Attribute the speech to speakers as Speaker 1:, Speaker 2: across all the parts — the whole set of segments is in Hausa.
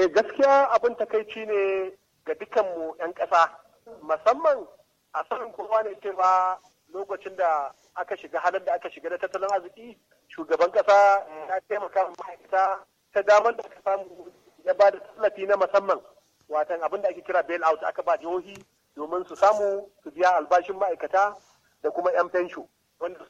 Speaker 1: Eh gaskiya abin takaici ne ga dukanmu 'yan ƙasa musamman a sanin kowa ne cewa lokacin da aka shiga halin da aka shiga da tattalin arziki shugaban ƙasa ya taimaka ma'aikata ta damar da aka samu ya ba da tallafi na musamman watan abin da ake kira bail out aka ba jihohi domin su samu su biya albashin ma'aikata da kuma 'yan fensho wanda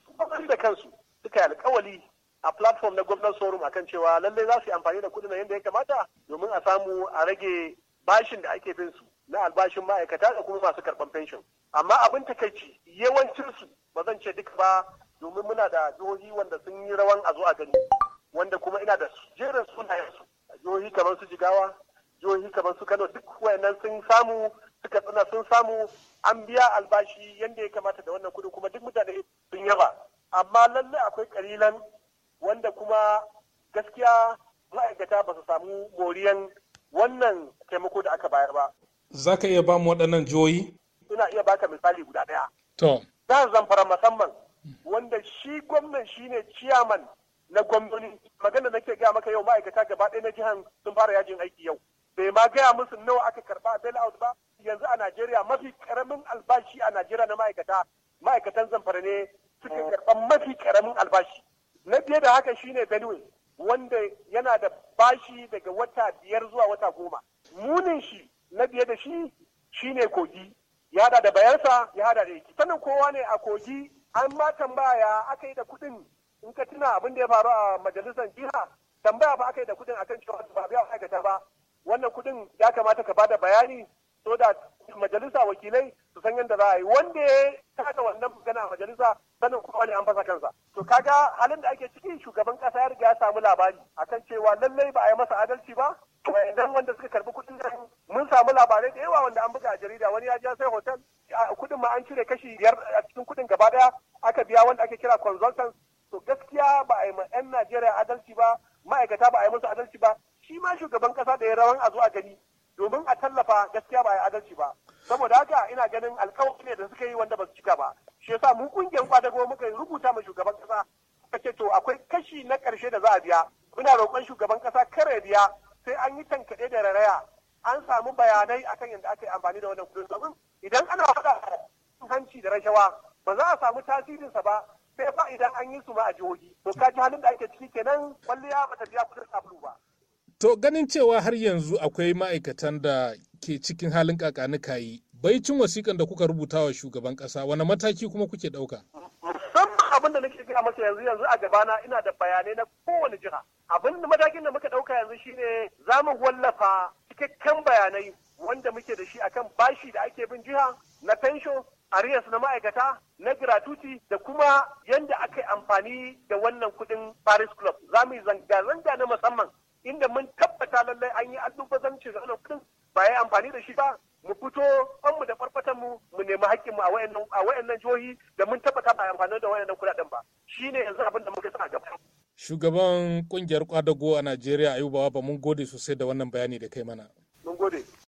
Speaker 1: su da kansu suka yi alkawali a platform na gwamnan sorum akan cewa lallai za su yi amfani da na yadda ya kamata domin a samu a rage bashin da ake bin su na albashin ma'aikata da kuma masu karɓan pension amma abin takaici yawancinsu ba zan ce duka ba domin muna da jihohi wanda sun yi rawan a zo a gani wanda kuma ina da jerin su. jihohi kamar su jigawa jihohi kamar su kano duk wayannan sun samu suka tsina sun samu an biya albashi yadda ya kamata da wannan kuɗi kuma duk mutane sun yaba amma lallai akwai kalilan wanda kuma gaskiya ma'aikata ba su samu moriyan wannan taimako da aka bayar ba.
Speaker 2: Za ka iya ba mu waɗannan jihohi?
Speaker 1: Ina iya baka misali guda ɗaya. To. Jihar Zamfara musamman wanda shi gwamnan shi ne ciyaman na gwamnoni magana nake gaya maka yau ma'aikata gaba ɗaya na jihar sun fara yajin aiki yau. Bai ma gaya musu nawa aka karɓa bail out ba yanzu a Najeriya mafi karamin albashi a Najeriya na ma'aikata ma'aikatan zamfara ne da haka shine Benue wanda yana da bashi daga wata biyar zuwa wata goma. Munin shi na biye da shi shine kogi ya hada da bayarsa ya hada da yake. Sannan kowa ne a kogi an ma tambaya aka yi da kuɗin in ka tuna abin da ya faru a majalisar jiha tambaya ba aka yi da kuɗin akan cewa ba biya aikata ba wannan kuɗin ya kamata ka bada bayani so da majalisa wakilai su san yadda za a yi wanda ya kaka wannan magana a majalisa sanin kuma wani an fasa kansa to kaga halin da ake cikin shugaban kasa ya riga ya samu labari akan cewa lallai ba a yi masa adalci ba idan wanda suka karbi kuɗin nan mun samu labarai da yawa wanda an buga a jarida wani ya ja sai hotel kuɗin ma an cire kashi biyar a cikin kuɗin gaba ɗaya. aka biya wanda ake kira consultants to gaskiya ba a yi ma 'yan Najeriya adalci ba ma'aikata ba a yi musu adalci ba shi ma shugaban kasa da ya rawan a zo a gani domin a tallafa gaskiya ba a yi adalci ba saboda haka ina ganin alkawari ne da suka yi wanda ba su cika ba shi yasa mu kungiyar kwadago muka yi rubuta ma shugaban kasa ce to akwai kashi na karshe da za a biya muna roƙon shugaban kasa kare biya sai an yi tankaɗe da raraya an samu bayanai akan yadda aka yi amfani da wannan kudin domin idan ana faɗa hanci da rashawa ba za a samu tasirinsa ba sai fa idan an yi su ma a jihohi to ka ji halin da ake ciki kenan kwalliya ba ta biya kudin sabulu
Speaker 2: ba. To ganin cewa har yanzu akwai ma'aikatan da ke cikin halin kayi yi baicin wasikan da kuka rubuta wa shugaban kasa wani mataki kuma kuke dauka
Speaker 1: musamman abin da nake gaya masa yanzu yanzu a gabana ina da bayanai na kowane jiha abin da matakin da muka ɗauka yanzu shine za mu wallafa cikakken bayanai wanda muke da shi akan bashi da ake bin jiha na pension arias na ma'aikata na gratuity da kuma yadda aka yi amfani da wannan kuɗin paris club za mu yi zanga-zanga na musamman inda mun amfani da shi ba mu fito an mu da farfatan mu mu nemi haƙƙin mu a wayannan a wayannan jihohi da mun tabbata ba amfani da wayannan kuɗaɗen ba shine yanzu abin da muka sa gaba
Speaker 2: shugaban kungiyar kwadago a Najeriya Ayuba ba mun gode sosai da wannan bayani da kai mana mun gode